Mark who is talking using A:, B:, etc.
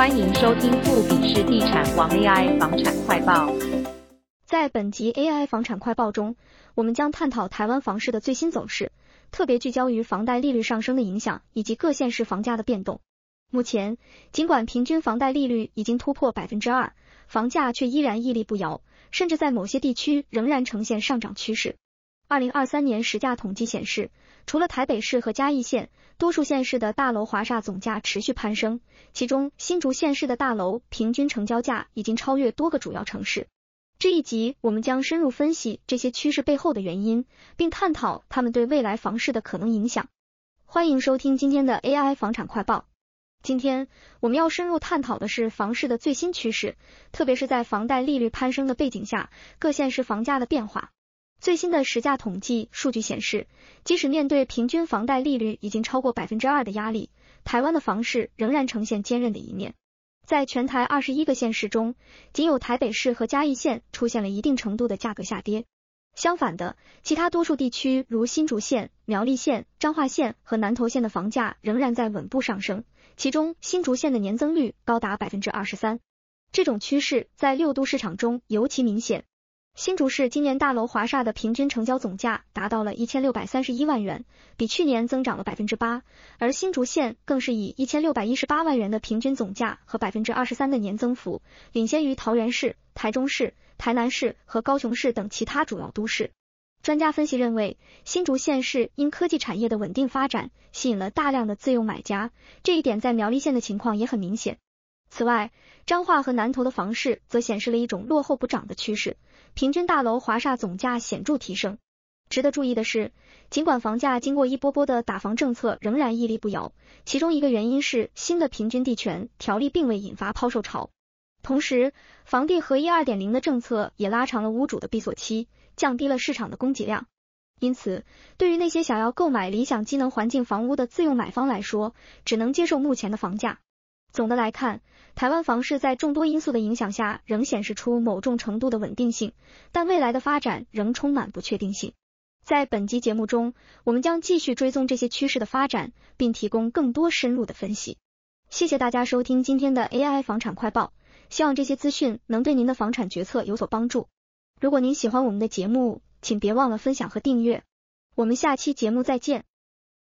A: 歡迎收聽富比士地產王 AI 房產快報。在本集 AI 房產快報中，我們將探討台灣房市的最新走勢，特別聚焦於房貸利率上升的影響以及各縣市房價的變動。目前，儘管平均房貸利率已經突破百分之二，房價却依然屹立不搖，甚至在某些地區仍然呈現上漲趨勢。二零二三年實價統計顯示，除了台北市和嘉義縣，多數縣市的大樓華廈總價持續攀升。其中，新竹縣市的大樓平均成交價已經超越多個主要城市。這一集我們將深入分析這些趨勢背後的原因，並探討它們對未來房市的可能影響。歡迎收聽今天的 AI 房產快報。今天我們要深入探討的是房市的最新趨勢，特別是在房貸利率攀升的背景下，各縣市房價的變化。最新的實價統計數據顯示，即使面對平均房貸利率已經超過百分之二的壓力，台灣的房市仍然呈現堅韌的一面。在全台二十一個縣市中，僅有台北市和嘉義縣出現了一定程度的價格下跌。相反的，其他多數地區如新竹縣、苗栗縣、彰化縣和南投縣的房價仍然在穩步上升，其中新竹縣的年增率高達百分之二十三。這種趨勢在六都市場中尤其明顯。新竹市今年大樓華廈的平均成交總價達到了一千六百三十一萬元，比去年增長了百分之八，而新竹縣更是以一千六百一十八萬元的平均總價和百分之二十三的年增幅，領先於桃園市、台中市、台南市和高雄市等其他主要都市。專家分析認為，新竹縣市因科技產業的穩定發展，吸引了大量的自用買家，這一點在苗栗縣的情況也很明顯。此外，彰化和南投的房市則顯示了一種落後不漲的趨勢，平均大樓華廈總價顯著提升。值得注意的是，儘管房價經過一波波的打房政策仍然屹立不搖，其中一個原因是新的平均地權條例並未引發拋售潮，同時房地合一二點零的政策也拉長了屋主的閉鎖期，降低了市場的供給量。因此，對於那些想要購買理想機能環境房屋的自用買方來說，只能接受目前的房價。總的來看，台灣房市在眾多因素的影響下，仍顯示出某種程度的穩定性，但未來的發展仍充滿不確定性。在本集節目中，我們將繼續追蹤這些趨勢的發展，並提供更多深入的分析。謝謝大家收聽今天的 AI 房產快報，希望這些資訊能對您的房產決策有所幫助。如果您喜歡我們的節目，請別忘了分享和訂閱。我們下期節目再見。